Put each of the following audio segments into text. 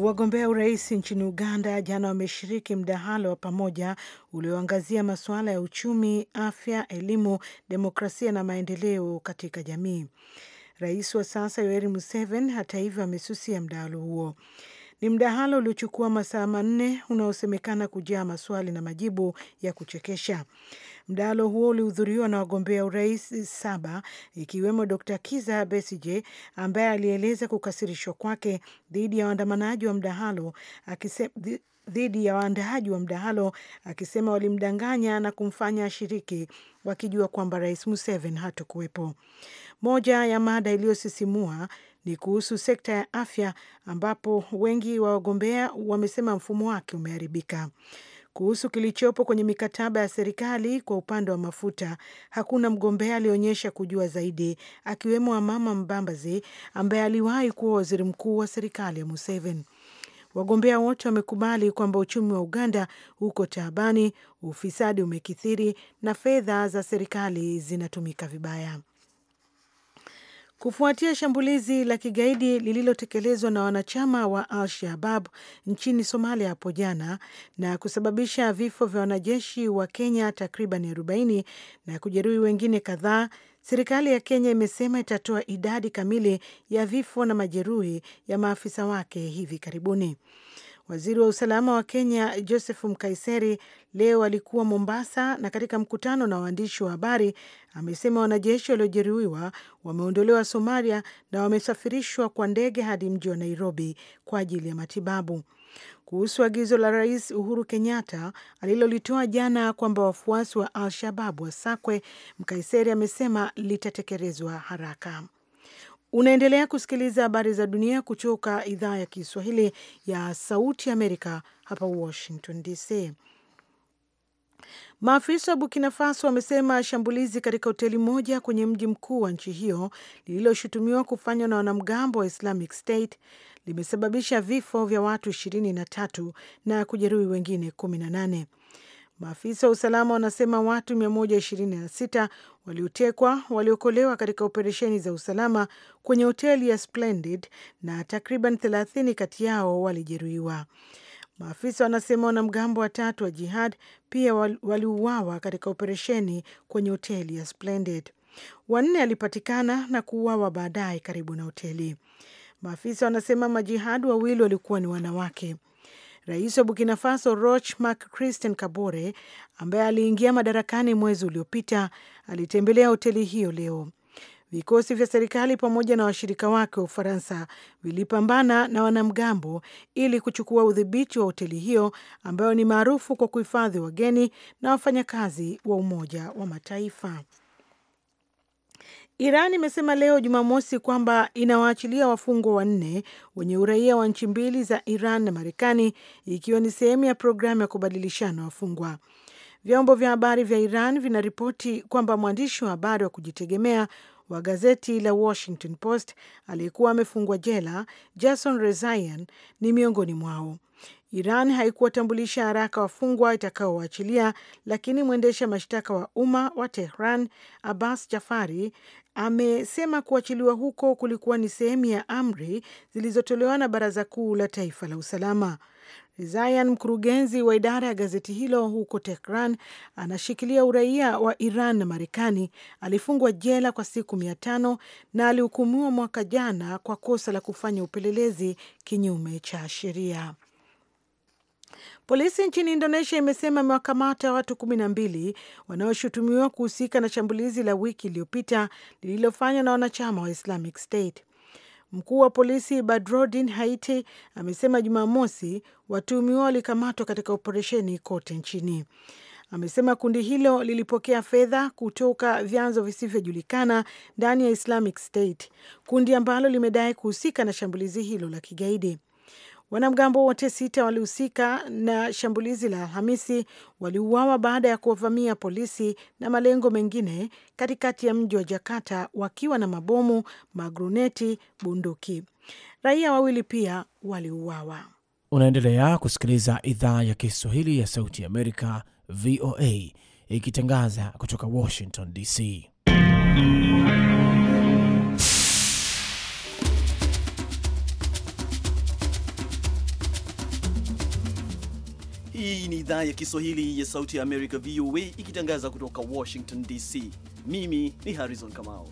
Wagombea urais nchini Uganda jana wameshiriki mdahalo wa pamoja ulioangazia masuala ya uchumi, afya, elimu, demokrasia na maendeleo katika jamii. Rais wa sasa Yoweri Museveni, hata hivyo, amesusia mdahalo huo. Ni mdahalo uliochukua masaa manne unaosemekana kujaa maswali na majibu ya kuchekesha. Mdahalo huo ulihudhuriwa na wagombea urais saba ikiwemo Dr Kiza Besije ambaye alieleza kukasirishwa kwake dhidi ya waandamanaji wa mdahalo akise dhidi ya waandaaji wa mdahalo akisema walimdanganya na kumfanya ashiriki wakijua kwamba rais Museveni hatokuwepo. Moja ya mada iliyosisimua ni kuhusu sekta ya afya ambapo wengi wa wagombea wamesema mfumo wake umeharibika kuhusu kilichopo kwenye mikataba ya serikali kwa upande wa mafuta, hakuna mgombea alionyesha kujua zaidi, akiwemo Amama mbambazi ambaye aliwahi kuwa waziri mkuu wa serikali ya Museveni. Wagombea wote wamekubali kwamba uchumi wa Uganda uko taabani, ufisadi umekithiri na fedha za serikali zinatumika vibaya kufuatia shambulizi la kigaidi lililotekelezwa na wanachama wa Al shabab nchini Somalia hapo jana na kusababisha vifo vya wanajeshi wa Kenya takriban 40 na kujeruhi wengine kadhaa. Serikali ya Kenya imesema itatoa idadi kamili ya vifo na majeruhi ya maafisa wake hivi karibuni. Waziri wa usalama wa Kenya Joseph Mkaiseri leo alikuwa Mombasa na katika mkutano na waandishi wa habari amesema wanajeshi waliojeruhiwa wameondolewa Somalia na wamesafirishwa kwa ndege hadi mji wa Nairobi kwa ajili ya matibabu. Kuhusu agizo la Rais Uhuru Kenyatta alilolitoa jana kwamba wafuasi wa Al Shabaab wasakwe, Mkaiseri amesema litatekelezwa haraka. Unaendelea kusikiliza habari za dunia kutoka idhaa ya Kiswahili ya Sauti Amerika hapa Washington DC. Maafisa wa Burkina Faso wamesema shambulizi katika hoteli moja kwenye mji mkuu wa nchi hiyo lililoshutumiwa kufanywa na wanamgambo wa Islamic State limesababisha vifo vya watu ishirini na tatu na kujeruhi wengine kumi na nane. Maafisa wa usalama wanasema watu 126 waliotekwa waliokolewa katika operesheni za usalama kwenye hoteli ya Splendid na takriban 30 kati yao walijeruhiwa. Maafisa wanasema wanamgambo watatu wa jihad pia waliuawa katika operesheni kwenye hoteli ya Splendid. Wanne alipatikana na kuuawa baadaye karibu na hoteli. Maafisa wanasema majihadi wawili walikuwa ni wanawake. Rais wa Burkina Faso Roch Marc Christian Kabore, ambaye aliingia madarakani mwezi uliopita, alitembelea hoteli hiyo leo. Vikosi vya serikali pamoja na washirika wake wa Ufaransa vilipambana na wanamgambo ili kuchukua udhibiti wa hoteli hiyo ambayo ni maarufu kwa kuhifadhi wageni na wafanyakazi wa Umoja wa Mataifa. Iran imesema leo Jumamosi kwamba inawaachilia wafungwa wanne wenye uraia wa nchi mbili za Iran na Marekani, ikiwa ni sehemu ya programu ya kubadilishana wafungwa. Vyombo vya habari vya Iran vinaripoti kwamba mwandishi wa habari wa kujitegemea wa gazeti la Washington Post aliyekuwa amefungwa jela Jason Rezaian ni miongoni mwao. Iran haikuwatambulisha haraka wafungwa itakaowaachilia, lakini mwendesha mashtaka wa umma wa Tehran Abbas Jafari amesema kuachiliwa huko kulikuwa ni sehemu ya amri zilizotolewa na Baraza Kuu la Taifa la Usalama. Zayan, mkurugenzi wa idara ya gazeti hilo huko Tehran, anashikilia uraia wa Iran na Marekani. Alifungwa jela kwa siku mia tano na alihukumiwa mwaka jana kwa kosa la kufanya upelelezi kinyume cha sheria. Polisi nchini Indonesia imesema imewakamata watu kumi na mbili wanaoshutumiwa kuhusika na shambulizi la wiki iliyopita lililofanywa na wanachama wa Islamic State. Mkuu wa polisi Badrodin Haiti amesema Jumamosi watuhumiwa walikamatwa katika operesheni kote nchini. Amesema kundi hilo lilipokea fedha kutoka vyanzo visivyojulikana ndani ya Islamic State, kundi ambalo limedai kuhusika na shambulizi hilo la kigaidi. Wanamgambo wote sita walihusika na shambulizi la Alhamisi waliuawa baada ya kuwavamia polisi na malengo mengine katikati ya mji wa Jakarta wakiwa na mabomu, magruneti, bunduki. Raia wawili pia waliuawa. Unaendelea kusikiliza idhaa ya Kiswahili ya Sauti ya Amerika, VOA, ikitangaza kutoka Washington DC. Hii ni idhaa ya Kiswahili ya Sauti ya Amerika, VOA, ikitangaza kutoka Washington DC. Mimi ni Harrison Kamau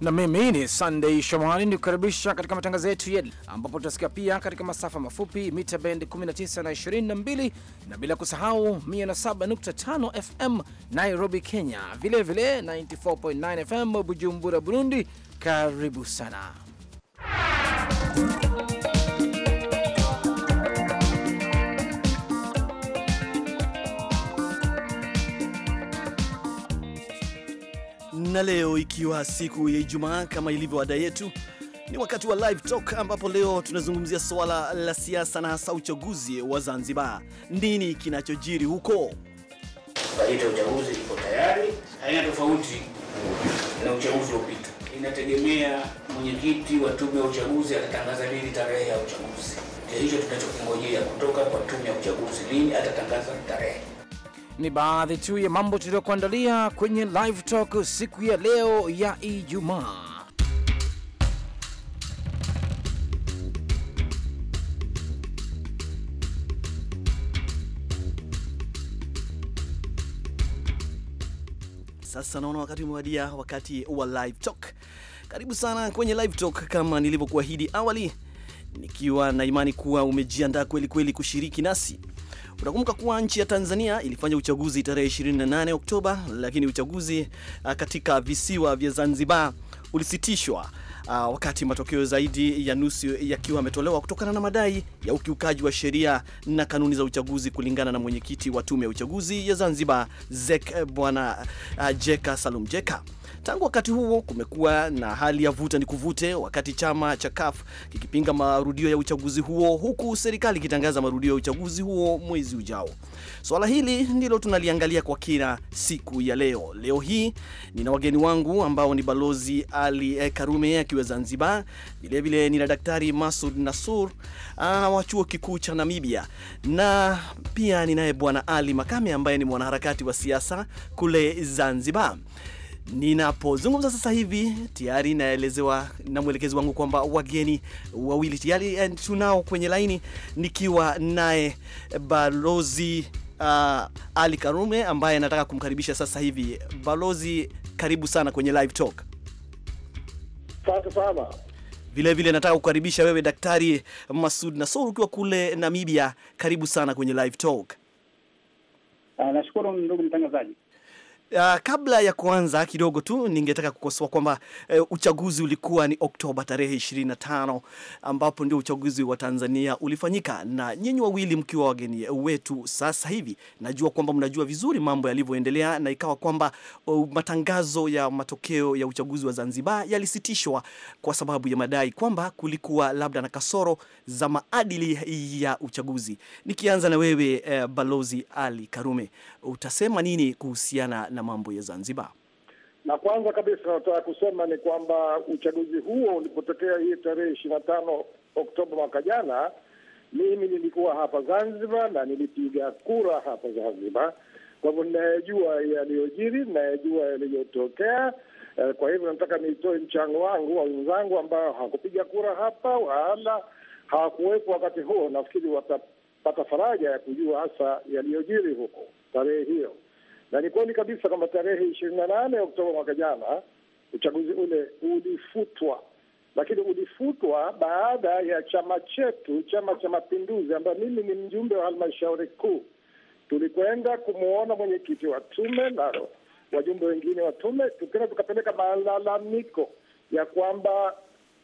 na mimi ni Sunday Shomari ni kukaribisha katika matangazo yetu yel, ambapo tutasikia pia katika masafa mafupi mita bendi 19 na 22 na bila kusahau 107.5 FM Nairobi, Kenya, vilevile 94.9 FM Bujumbura, Burundi. Karibu sana na leo ikiwa siku ya Ijumaa kama ilivyo ada yetu, ni wakati wa live talk, ambapo leo tunazungumzia swala la siasa na hasa uchaguzi wa Zanzibar. Nini kinachojiri huko? Bajeti ya uchaguzi iko tayari, haina tofauti na uchaguzi uliopita. Inategemea mwenyekiti wa tume ya uchaguzi atatangaza lini tarehe ya uchaguzi. Ndio hicho tunachokingojea kutoka kwa tume ya uchaguzi, lini atatangaza tarehe ni baadhi tu ya mambo tuliyokuandalia kwenye Live Talk siku ya leo ya Ijumaa. Sasa naona wakati umewadia, wakati wa Live Talk. Karibu sana kwenye Live Talk kama nilivyokuahidi awali, nikiwa na imani kuwa umejiandaa kweli kweli kushiriki nasi Unakumbuka kuwa nchi ya Tanzania ilifanya uchaguzi tarehe 28 Oktoba, lakini uchaguzi ah, katika visiwa vya Zanzibar ulisitishwa uh, wakati matokeo zaidi ya nusu yakiwa yametolewa kutokana na madai ya ukiukaji wa sheria na kanuni za uchaguzi, kulingana na mwenyekiti wa tume ya uchaguzi ya Zanzibar zek eh, Bwana uh, Jeka Salum Jeka. Tangu wakati huo kumekuwa na hali ya vuta ni kuvute, wakati chama cha CUF kikipinga marudio ya uchaguzi huo, huku serikali ikitangaza marudio ya uchaguzi huo mwezi ujao. Swala hili ndilo tunaliangalia kwa kina siku ya leo. Leo hii nina wageni wangu ambao ni Balozi Ali e Karume akiwa Zanzibar, vilevile nina Daktari Masud Nasur ah, wa chuo kikuu cha Namibia, na pia ninaye Bwana Ali Makame ambaye ni mwanaharakati wa siasa kule Zanzibar. Ninapozungumza sasa hivi tayari naelezewa na mwelekezi wangu kwamba wageni wawili tayari eh, tunao kwenye laini, nikiwa naye eh, balozi uh, Ali Karume ambaye nataka kumkaribisha sasa hivi. Balozi, karibu sana kwenye live talk. Asante sana. Vile vile nataka kukaribisha wewe Daktari Masud Nasor ukiwa kule Namibia, karibu sana kwenye live talk. Ah, nashukuru ndugu mtangazaji. Uh, kabla ya kuanza kidogo tu ningetaka kukosoa kwamba uh, uchaguzi ulikuwa ni Oktoba tarehe 25 ambapo ndio uchaguzi wa Tanzania ulifanyika, na nyinyi wawili mkiwa wageni wetu sasa hivi, najua kwamba mnajua vizuri mambo yalivyoendelea, na ikawa kwamba uh, matangazo ya matokeo ya uchaguzi wa Zanzibar yalisitishwa kwa sababu ya madai kwamba kulikuwa labda na kasoro za maadili ya uchaguzi. Nikianza na wewe uh, Balozi Ali Karume, utasema nini kuhusiana na mambo ya Zanzibar. Na kwanza kabisa nataka kusema ni kwamba uchaguzi huo ulipotokea hii tarehe ishirini na tano Oktoba mwaka jana, mimi nilikuwa hapa Zanzibar na nilipiga kura hapa Zanzibar. Kwa hivyo ninayejua yaliyojiri, ninayejua yaliyotokea. Eh, kwa hivyo nataka nitoe mchango wangu wa wenzangu ambao hawakupiga kura hapa wala hawakuwepo wakati huo. Nafikiri watapata faraja ya kujua hasa yaliyojiri huko tarehe hiyo na ni kweli kabisa kwamba tarehe ishirini na nane Oktoba mwaka jana uchaguzi ule ulifutwa, lakini ulifutwa baada ya chama chetu, Chama cha Mapinduzi, ambayo mimi ni mjumbe wa halmashauri kuu, tulikwenda kumwona mwenyekiti wa tume na wajumbe wengine wa tume, tukenda tukapeleka malalamiko ya kwamba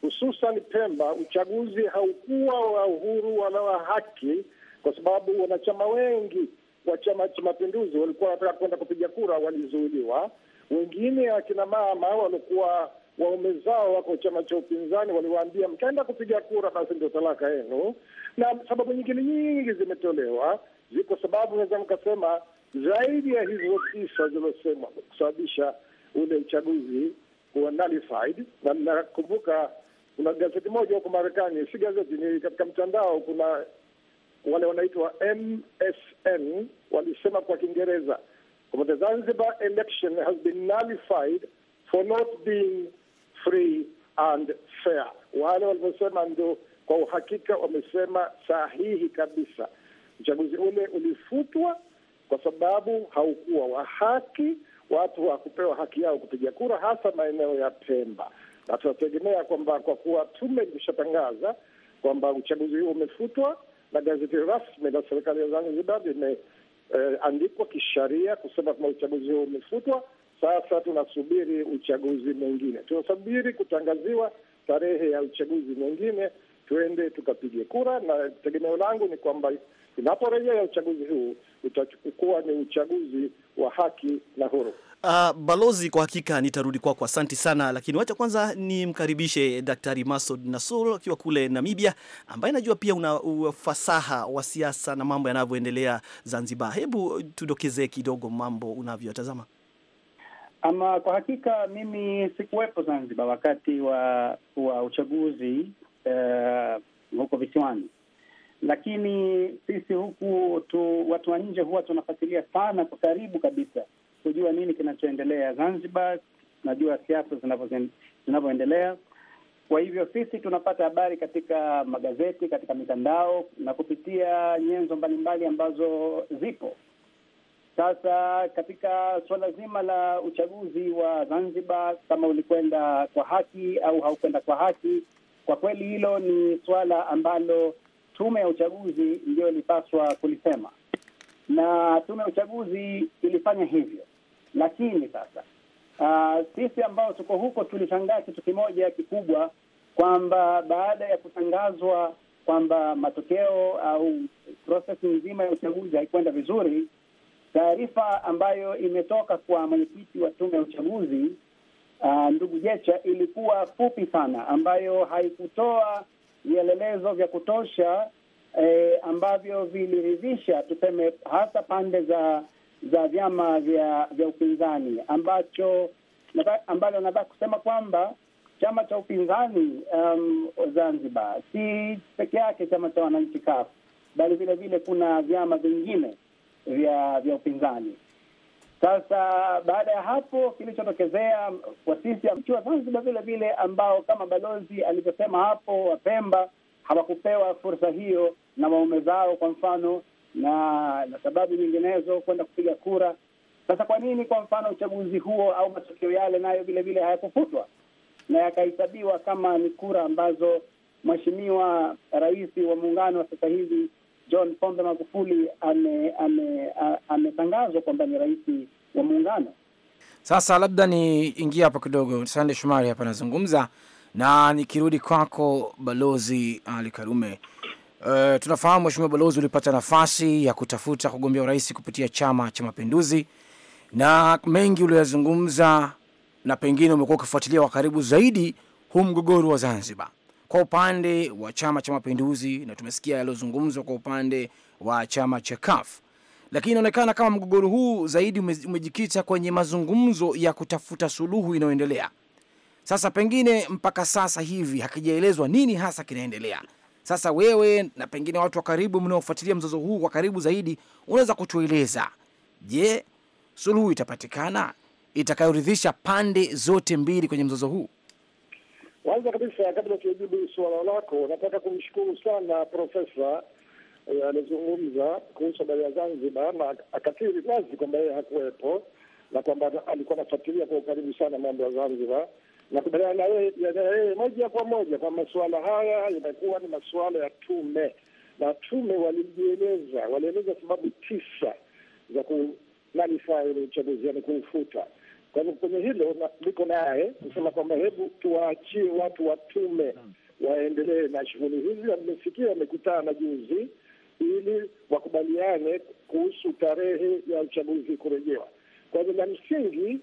hususan Pemba uchaguzi haukuwa wa uhuru wala wa haki, kwa sababu wanachama wengi wa Chama cha Mapinduzi walikuwa wanataka kwenda kupiga kura walizuiliwa. Wengine akina mama walikuwa waume zao wako chama cha upinzani waliwaambia, mkaenda kupiga kura basi ndio talaka yenu, na sababu nyingine nyingi zimetolewa. Ziko sababu naweza mkasema zaidi ya hizo tisa zilizosemwa kusababisha ule uchaguzi kuwa nullified. Na nakumbuka kuna gazeti moja huko Marekani, si gazeti, ni katika mtandao, kuna wale wanaitwa MSN walisema kwa Kiingereza kwamba the Zanzibar election has been nullified for not being free and fair. Wale walivyosema ndio kwa uhakika wamesema sahihi kabisa. Uchaguzi ule ulifutwa kwa sababu haukuwa wa haki, watu hawakupewa haki yao kupiga kura, hasa maeneo ya Pemba, na tunategemea kwamba kwa kuwa tume ilishatangaza kwamba uchaguzi huo umefutwa na gazeti rasmi la serikali ya Zanzibar limeandikwa eh, kisheria kusema kwamba uchaguzi huo umefutwa. Sasa tunasubiri uchaguzi mwingine, tunasubiri kutangaziwa tarehe ya uchaguzi mwingine, tuende tukapige kura, na tegemeo langu ni kwamba Tunaporejea uchaguzi huu utakuwa ni uchaguzi wa haki na huru. Uh, balozi, kwa hakika nitarudi kwako, asante sana, lakini wacha kwanza nimkaribishe Daktari Masud Nasur akiwa kule Namibia, ambaye najua pia una ufasaha wa siasa na mambo yanavyoendelea Zanzibar. Hebu tudokezee kidogo mambo unavyotazama. Ama kwa hakika mimi sikuwepo Zanzibar wakati wa wa uchaguzi uh, huko visiwani lakini sisi huku tu, watu wa nje huwa tunafuatilia sana kwa karibu kabisa kujua nini kinachoendelea Zanzibar, tunajua siasa zinavyoendelea. Kwa hivyo sisi tunapata habari katika magazeti, katika mitandao na kupitia nyenzo mbalimbali ambazo zipo sasa. Katika suala zima la uchaguzi wa Zanzibar, kama ulikwenda kwa haki au haukwenda kwa haki, kwa kweli hilo ni suala ambalo tume ya uchaguzi ndiyo ilipaswa kulisema, na tume ya uchaguzi ilifanya hivyo. Lakini sasa uh, sisi ambao tuko huko tulishangaa kitu kimoja kikubwa, kwamba baada ya kutangazwa kwamba matokeo au prosesi nzima ya uchaguzi haikwenda vizuri, taarifa ambayo imetoka kwa mwenyekiti wa tume ya uchaguzi uh, ndugu Jecha ilikuwa fupi sana, ambayo haikutoa vielelezo vya kutosha eh, ambavyo viliridhisha tuseme, hasa pande za za vyama vya vya upinzani ambacho ambalo nataka kusema kwamba chama cha upinzani um, Zanzibar si peke yake chama cha wananchi kafu, bali vile vile kuna vyama vingine vya vya upinzani sasa baada ya hapo, kilichotokezea wasisi mkiwa Zanzibar vile vile, ambao kama balozi alivyosema hapo, Wapemba hawakupewa fursa hiyo na waume zao, kwa mfano na na sababu nyinginezo, kwenda kupiga kura. Sasa kwa nini, kwa mfano, uchaguzi huo au matokeo yale nayo vile vile hayakufutwa na yakahesabiwa kama ni kura ambazo mheshimiwa rais wa muungano wa sasa hivi John Pombe Magufuli ametangazwa kwamba ni rais wa muungano. Sasa labda niingie hapa kidogo, Sande Shumari hapa anazungumza na nikirudi kwako Balozi Ali Karume. Uh, tunafahamu Mheshimiwa Balozi, ulipata nafasi ya kutafuta kugombea urais kupitia Chama cha Mapinduzi, na mengi ulioyazungumza na pengine umekuwa ukifuatilia kwa karibu zaidi huu mgogoro wa Zanzibar kwa upande wa Chama cha Mapinduzi na tumesikia yaliyozungumzwa kwa upande wa chama cha CUF, lakini inaonekana kama mgogoro huu zaidi umejikita kwenye mazungumzo ya kutafuta suluhu inayoendelea sasa. Pengine mpaka sasa hivi hakijaelezwa nini hasa kinaendelea. Sasa wewe na pengine watu wa karibu mnaofuatilia mzozo huu kwa karibu zaidi, unaweza kutueleza, je, suluhu itapatikana itakayoridhisha pande zote mbili kwenye mzozo huu? Kwanza kabisa, kabla sijajibu suala lako, nataka kumshukuru sana profesa eh, alizungumza kuhusu habari ya Zanzibar na akatiri wazi kwamba yeye hakuwepo na kwamba alikuwa anafuatilia kwa ukaribu sana mambo ya Zanzibar na kubaliana na yeye moja kwa moja kwa masuala haya yamekuwa ni masuala ya tume, na tume walijieleza, walieleza sababu tisa za kunalifaa ule uchaguzi, yaani kuufuta. Kwa yaani hivyo kwenye hilo niko naye kusema kwamba hebu tuwaachie watu watume hmm. waendelee na shughuli hizi. Amesikia wamekutana juzi ili wakubaliane kuhusu tarehe ya uchaguzi kurejewa. Kwa hivyo la msingi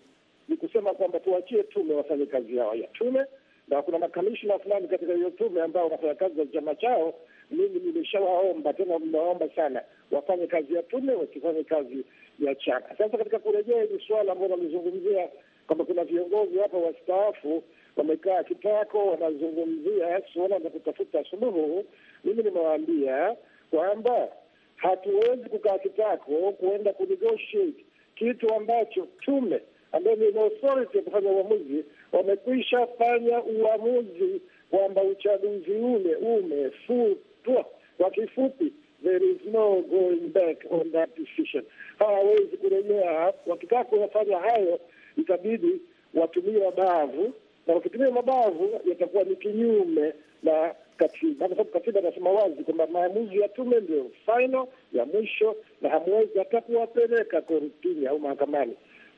ni kusema kwamba tuwaachie tume wafanye kazi yao ya tume, na kuna makamishna fulani katika hiyo tume ambao wanafanya kazi za chama chao mimi nimeshawaomba tena, nawaomba sana wafanye kazi ya tume, wasifanye kazi ya chama. Sasa katika kurejea hili swala ambalo nalizungumzia kwamba kuna viongozi hapa wastaafu wamekaa kitako, wanazungumzia suala la kutafuta suluhu, mimi nimewaambia kwamba hatuwezi kukaa kitako kuenda kunegotiate kitu ambacho tume ambayo ni authority ya kufanya uamuzi wamekwisha fanya uamuzi kwamba uchaguzi ule umefuta kuchukua. Kwa kifupi, there is no going back on that decision. Hawawezi kurejea. Wakikaa kuyafanya hayo, itabidi watumie mabavu, na wakitumia mabavu yatakuwa ni kinyume na katiba, kwa sababu katiba inasema wazi kwamba maamuzi ya tume ndio final ya mwisho, na hamwezi hata kuwapeleka korutini au mahakamani.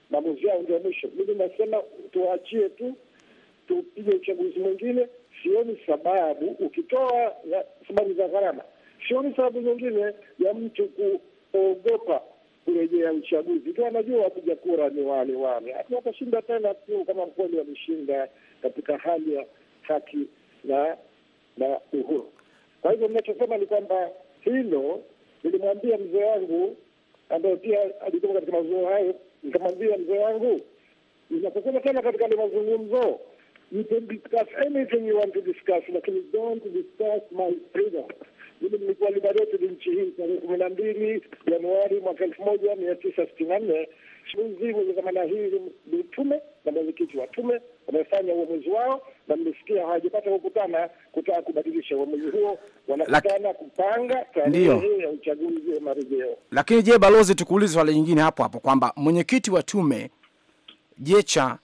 Maamuzi yao ndio mwisho. Mimi nasema tuwaachie tu, tupige uchaguzi mwingine sioni sababu, ukitoa sababu za gharama, sioni sababu nyingine ya mtu kuogopa kurejea uchaguzi, ikiwa anajua wapiga kura ni wale wale, watashinda tena tu, kama mkweli wameshinda katika hali ya haki na na uhuru. Kwa hivyo ninachosema ni kwamba hilo nilimwambia mzee wangu ambaye pia alikuwa katika mazungumzo hayo, nikamwambia mzee wangu, ninaposema tena katika mazungumzo You can discuss anything you want to discuss, lakini don't discuss my freedom. Mimi nilikuwa liberated nchi hii tarehe kumi na mbili Januari mwaka elfu moja mia tisa sitini na nne. Shughuli zima za namna hii ni tume na mwenyekiti wa tume wamefanya uamuzi wao, na mlisikia hawajapata kukutana kutaka kubadilisha uamuzi huo, wanakutana kupanga tarehe ya uchaguzi wa marejeo. Lakini je, balozi, tukuulize swali nyingine hapo hapo kwamba mwenyekiti wa tume Jecha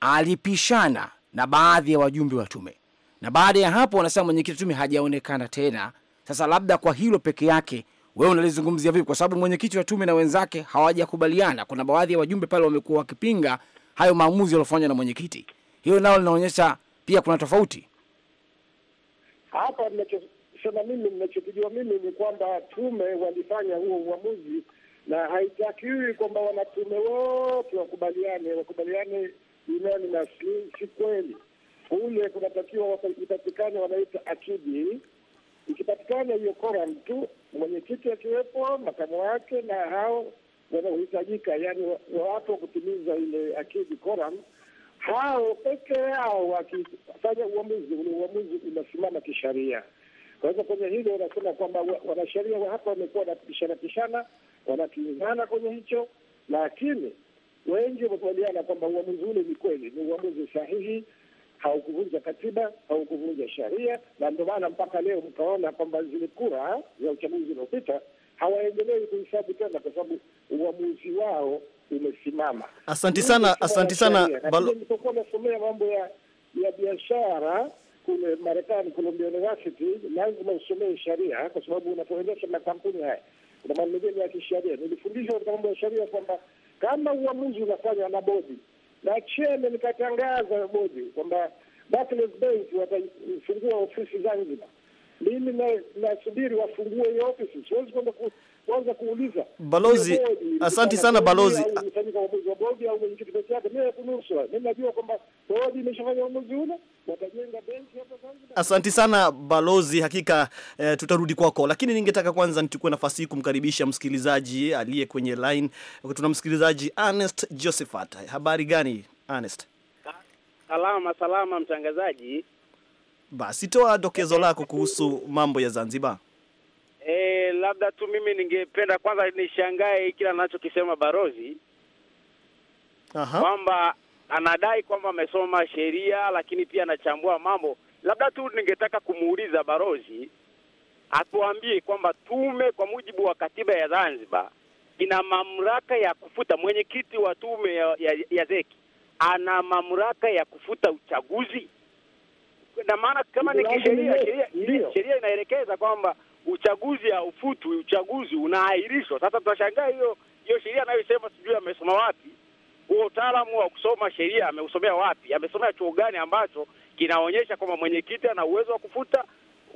alipishana na baadhi ya wajumbe wa tume, na baada ya hapo wanasema mwenyekiti tume hajaonekana tena. Sasa labda kwa hilo peke yake wewe unalizungumzia vipi? Kwa sababu mwenyekiti wa tume na wenzake hawajakubaliana. Kuna baadhi ya wajumbe pale wamekuwa wakipinga hayo maamuzi yaliyofanywa na mwenyekiti. Hilo nalo linaonyesha pia kuna tofauti hapa. Ninachosema mimi, ninachokijua mimi ni kwamba tume walifanya huo uamuzi, na haitakiwi kwamba wanatume wote wakubaliane, wakubaliane duniani ni si kweli. Kule kunatakiwa ipatikane wanaita akidi. Ikipatikana hiyo koram tu, mwenyekiti akiwepo, makamu wake na hao wanaohitajika, yani watu kutimiza ile akidi koram, hao peke yao wakifanya uamuzi ule, uamuzi unasimama kisheria. Kwa hivyo kwenye hilo unasema kwamba wanasheria hapa wamekuwa wanapishana pishana, wanakinzana kwenye hicho, lakini wengi wamekubaliana kwamba uamuzi ule ni kweli, ni uamuzi sahihi, haukuvunja katiba, haukuvunja sheria, na ndio maana mpaka leo mkaona kwamba zile kura za uchaguzi uliopita hawaendelei kuhesabu tena, kwa sababu uamuzi wao umesimama. Asanti sana, asanti sana. Nilipokuwa nasomea mambo ya ya biashara kule Marekani, Columbia University, lazima usomee sharia kwa sababu unapoendesha makampuni haya kuna mambo ya kisheria. Nilifundishwa katika mambo ya sheria kwamba kama uamuzi unafanywa na bodi na chairman nikatangaza bodi kwamba Barclays Bank wataifungua ofisi Zanzibar mimi nasubiri na wafungue hiyo ofisi, siwezi kwenda kuanza kuuliza balozi. Asanti sana balozi, Asanti sana balozi. Hakika eh, tutarudi kwako, lakini ningetaka kwanza nichukue nafasi hii kumkaribisha msikilizaji aliye kwenye line. Tuna msikilizaji Ernest Josephat. Habari gani Ernest? Salama salama mtangazaji. Basi toa dokezo lako kuhusu mambo ya Zanzibar. E, labda tu mimi ningependa kwanza nishangae kile anachokisema barozi kwamba anadai kwamba amesoma sheria lakini pia anachambua mambo. Labda tu ningetaka kumuuliza barozi atuambie kwamba tume kwa mujibu wa katiba ya Zanzibar ina mamlaka ya kufuta. Mwenyekiti wa tume ya, ya, ya zeki ana mamlaka ya kufuta uchaguzi na maana kama ni kisheria, sheria inaelekeza kwamba uchaguzi haufutwi, uchaguzi unaahirishwa. Sasa tunashangaa hiyo hiyo sheria anayosema, sijui amesoma wapi huo utaalamu wa kusoma sheria, ameusomea wapi? Amesomea chuo gani ambacho kinaonyesha kwamba mwenyekiti ana uwezo wa kufuta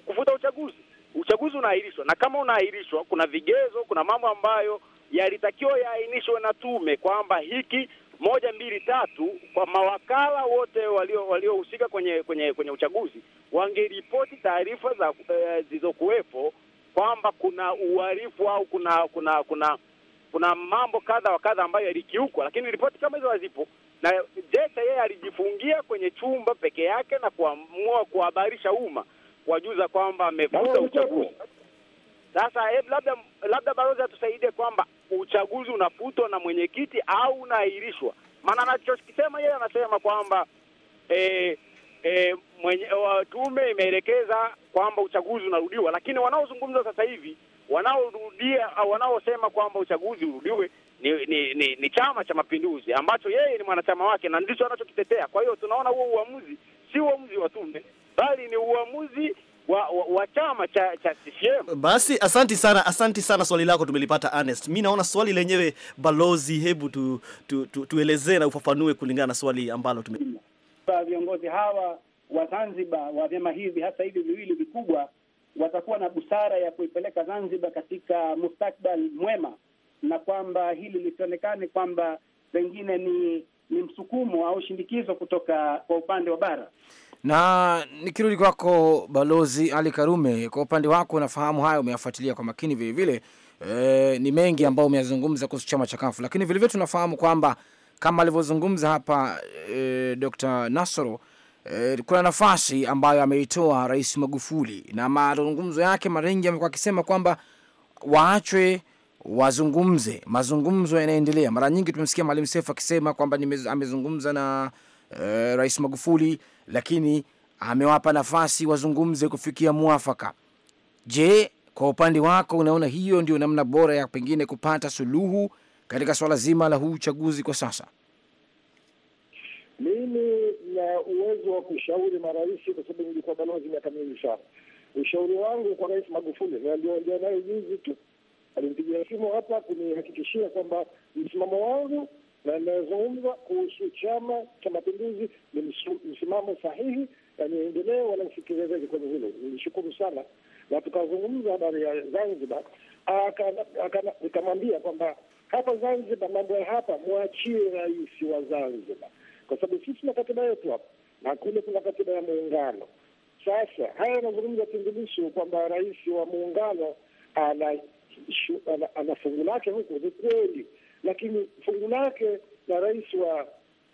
kufuta uchaguzi? Uchaguzi unaahirishwa, na kama unaahirishwa, kuna vigezo, kuna mambo ambayo yalitakiwa yaainishwe na tume kwamba hiki moja mbili tatu, kwa mawakala wote waliohusika walio kwenye kwenye kwenye uchaguzi wangeripoti taarifa za eh, zilizokuwepo kwamba kuna uhalifu au kuna kuna kuna kuna mambo kadha wa kadha ambayo yalikiukwa, lakini ripoti kama hizo hazipo. Na Jesa yeye alijifungia kwenye chumba peke yake na kuamua kuhabarisha umma kuwajuza kwamba amefuta uchaguzi. Sasa eh, labda labda balozi atusaidie kwamba uchaguzi unafutwa na mwenyekiti au unaahirishwa. Maana anachokisema yeye, anasema kwamba e, e, mwenye, tume imeelekeza kwamba uchaguzi unarudiwa, lakini wanaozungumza sasa hivi wanaorudia au wanaosema kwamba uchaguzi urudiwe ni, ni, ni, ni Chama cha Mapinduzi ambacho yeye ni mwanachama wake na ndicho anachokitetea. Kwa hiyo tunaona huo uamuzi si uamuzi wa tume, bali ni uamuzi wa, wa, wa chama cha, cha CCM. Basi asanti sana, asanti sana, swali lako tumelipata Ernest. Mi naona swali lenyewe balozi, hebu tu, tu, tu, tuelezee na ufafanue kulingana na swali ambalo tume viongozi hawa wa Zanzibar wa vyama hivi hasa hivi viwili vikubwa watakuwa na busara ya kuipeleka Zanzibar katika mustakbal mwema, na kwamba hili lisionekane kwamba pengine ni ni msukumo au shindikizo kutoka kwa upande wa bara. Na nikirudi kwako Balozi Ali Karume, kwa upande wako unafahamu hayo, umeyafuatilia kwa makini vilevile vile. E, ni mengi ambayo umeyazungumza kuhusu chama cha Kafu, lakini vilevile tunafahamu kwamba kama alivyozungumza hapa e, eh, Dr. Nasoro e, kuna nafasi ambayo ameitoa Rais Magufuli na mazungumzo yake mara nyingi amekuwa akisema kwamba waachwe wazungumze, mazungumzo yanaendelea. Mara nyingi tumemsikia Mwalimu Sefu akisema kwamba amezungumza na e, Rais Magufuli lakini amewapa nafasi wazungumze kufikia mwafaka. Je, kwa upande wako unaona hiyo ndio namna bora ya pengine kupata suluhu katika swala zima la huu uchaguzi kwa sasa? Mimi na uwezo wa kushauri marais kwa sababu nilikuwa balozi miaka mingi sana. Ushauri wangu kwa Rais Magufuli naliongea naye juzi tu, alimpigia simu hapa kunihakikishia kwamba msimamo wangu na kuhusu Chama cha Mapinduzi ni msimamo sahihi na niendelee wala msikilizaji kwenye hilo. Nilishukuru sana na tukazungumza habari ya Zanzibar, nikamwambia kwamba hapa Zanzibar mambo ya hapa mwachie rais wa Zanzibar, kwa sababu sisi tuna katiba yetu hapa na kule kuna katiba ya muungano. Sasa haya yanazungumza Tundulisu kwamba rais wa muungano ana, ana, ana fungu lake huku, ni kweli lakini fungu lake na rais wa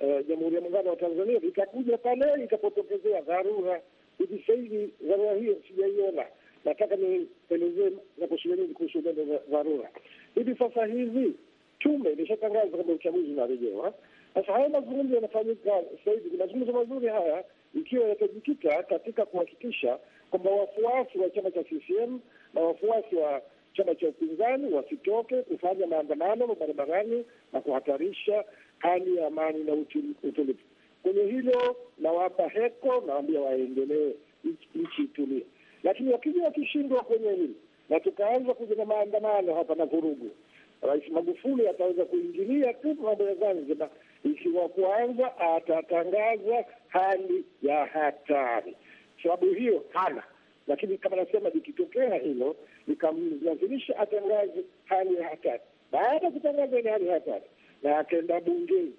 uh, Jamhuri ya Muungano wa Tanzania litakuja pale itapotokezea dharura. Hivi sahivi dharura hiyo sijaiona. Nataka nielezee naposhigamini kuhusu wa dharura. Hivi sasa hivi tume imeshatangaza kwamba uchaguzi unarejewa. Sasa haya mazungumzo yanafanyika sasa hivi, ni mazungumzo mazuri haya, ikiwa yatajikita katika kuhakikisha kwamba wafuasi wa chama cha CCM na wafuasi wa chama cha upinzani wasitoke kufanya maandamano barabarani na kuhatarisha hali ya amani na utulivu. Kwenye hilo nawapa heko, nawambia waendelee, nchi itulie. Lakini wakija wakishindwa kwenye hilo na tukaanza kuja na maandamano hapa na vurugu, Rais Magufuli ataweza kuingilia tu mambo ya Zanzibar. Ikiwa kwanza atatangaza hali ya hatari, sababu hiyo hana lakini kama nasema, likitokea hilo likamlazimisha atangaze hali ya hatari, baada ya kutangaza ni hali ya hatari na akaenda bungeni,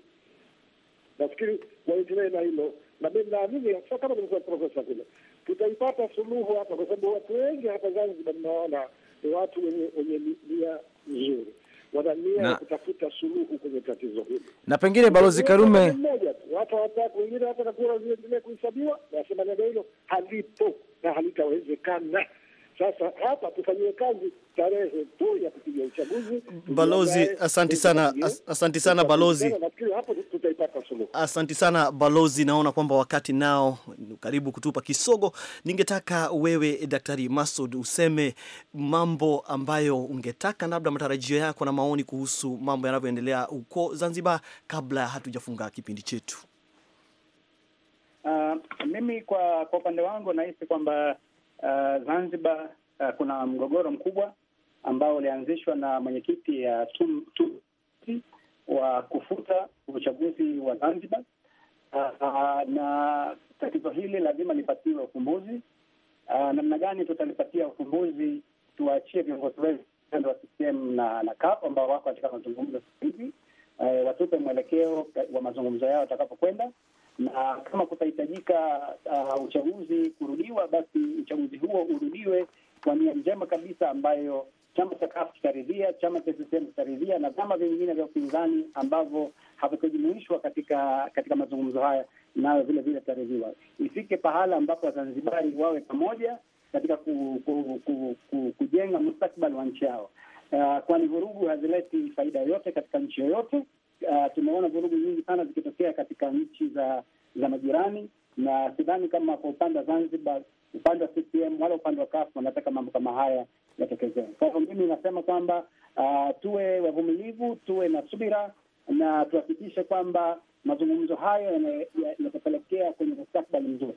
nafikiri waendelee na hilo, na mi naamini kama profesa kule tutaipata suluhu hapa, kwa sababu watu wengi hapa Zanzibar ninaona ni watu wenye nia nzuri, wana nia ya kutafuta suluhu kwenye tatizo hili, na pengine Balozi Karume mmoja tu watatu wengine hata kura ziendelee kuhesabiwa, nasema neno hilo halipo na halitawezekana. Sasa hapa tufanyie kazi tarehe tu ya kupiga uchaguzi. Balozi, asanti sana, asanti sana balozi. Nafikiri hapo tutaipata suluhu. Asante sana balozi, naona kwamba wakati nao karibu kutupa kisogo. Ningetaka wewe Daktari Masud useme mambo ambayo ungetaka, labda matarajio yako na maoni kuhusu mambo yanavyoendelea huko Zanzibar, kabla hatujafunga kipindi chetu. Uh, mimi kwa kwa upande wangu nahisi kwamba uh, Zanzibar uh, kuna mgogoro mkubwa ambao ulianzishwa na mwenyekiti ya uh, tume wa kufuta uchaguzi wa Zanzibar. Uh, uh, na tatizo hili lazima lipatiwe ufumbuzi. Uh, namna gani tutalipatia ufumbuzi? Tuwaachie viongozi wetu wa CCM na na CUF ambao wako katika mazungumzo sasa hivi, uh, watupe mwelekeo wa mazungumzo yao watakapokwenda na kama kutahitajika uh, uchaguzi kurudiwa, basi uchaguzi huo urudiwe kwa nia njema kabisa ambayo chama cha CUF kitaridhia, chama cha CCM kitaridhia, na vyama vingine vya upinzani ambavyo havikujumuishwa katika katika mazungumzo haya, nayo vile vile taridhiwa. Ifike pahala ambapo Wazanzibari wawe pamoja katika ku, ku, ku, ku, kujenga mustakbali wa nchi yao, uh, kwani vurugu hazileti faida yoyote katika nchi yoyote uh, tumeona vurugu nyingi sana zikitokea katika nchi za za majirani, na sidhani kama kwa upande wa Zanzibar, upande wa CCM wala upande wa kafu wanataka mambo kama haya yatokezee. Kwa hivyo mimi nasema kwamba uh, tuwe wavumilivu, tuwe na subira na tuhakikishe kwamba mazungumzo hayo yatapelekea kwenye mustakbali mzuri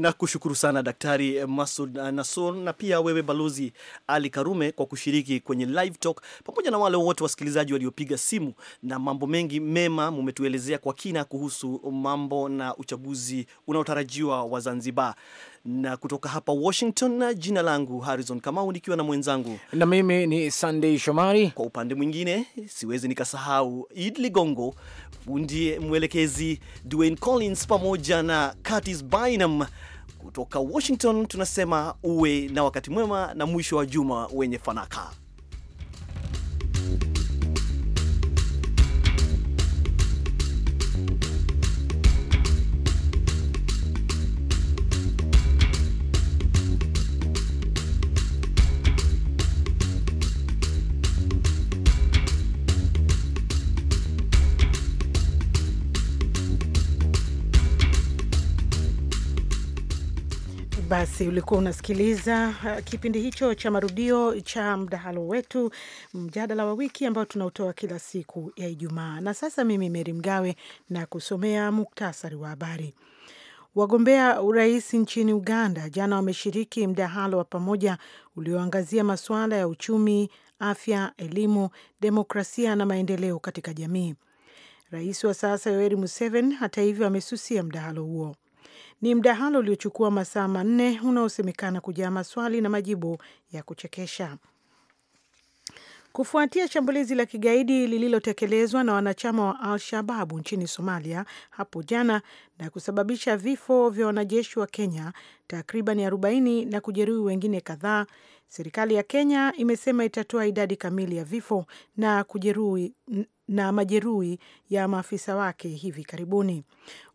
na kushukuru sana Daktari eh, Masud eh, Nasor na pia wewe Balozi Ali Karume kwa kushiriki kwenye live talk, pamoja na wale wote wasikilizaji waliopiga simu, na mambo mengi mema mumetuelezea kwa kina kuhusu mambo na uchaguzi unaotarajiwa wa Zanzibar na kutoka hapa Washington, na jina langu Harrison Kamau nikiwa na mwenzangu na mimi ni Sunday Shomari. Kwa upande mwingine, siwezi nikasahau Id Ligongo, ndiye mwelekezi Dwayne Collins, pamoja na Curtis Bynum kutoka Washington tunasema uwe na wakati mwema na mwisho wa juma wenye fanaka. Basi ulikuwa unasikiliza uh, kipindi hicho cha marudio cha mdahalo wetu mjadala wa wiki ambao tunautoa kila siku ya Ijumaa. Na sasa mimi Meri Mgawe na kusomea muktasari wa habari. Wagombea urais nchini Uganda jana wameshiriki mdahalo wa pamoja ulioangazia masuala ya uchumi, afya, elimu, demokrasia na maendeleo katika jamii. Rais wa sasa Yoweri Museveni hata hivyo amesusia mdahalo huo. Ni mdahalo uliochukua masaa manne unaosemekana kujaa maswali na majibu ya kuchekesha. Kufuatia shambulizi la kigaidi lililotekelezwa na wanachama wa Al Shababu nchini Somalia hapo jana na kusababisha vifo vya wanajeshi wa Kenya takriban 40 na kujeruhi wengine kadhaa, serikali ya Kenya imesema itatoa idadi kamili ya vifo na kujeruhi na majeruhi ya maafisa wake hivi karibuni.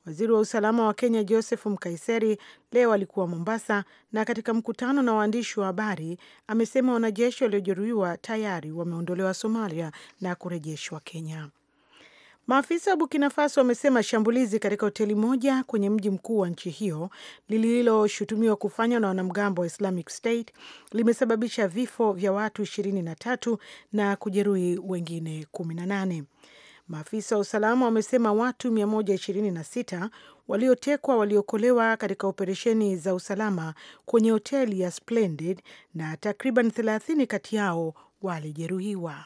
Waziri wa usalama wa Kenya Joseph Mkaiseri leo alikuwa Mombasa, na katika mkutano na waandishi wa habari amesema wanajeshi waliojeruhiwa tayari wameondolewa Somalia na kurejeshwa Kenya. Maafisa wa Burkina Faso wamesema shambulizi katika hoteli moja kwenye mji mkuu wa nchi hiyo lililoshutumiwa kufanywa na wanamgambo wa Islamic State limesababisha vifo vya watu ishirini na kujeruhi wengine nane. Maafisa wa usalama wamesema watu 126 waliotekwa waliokolewa katika operesheni za usalama kwenye hoteli ya Splendid na takriban 30 kati yao walijeruhiwa.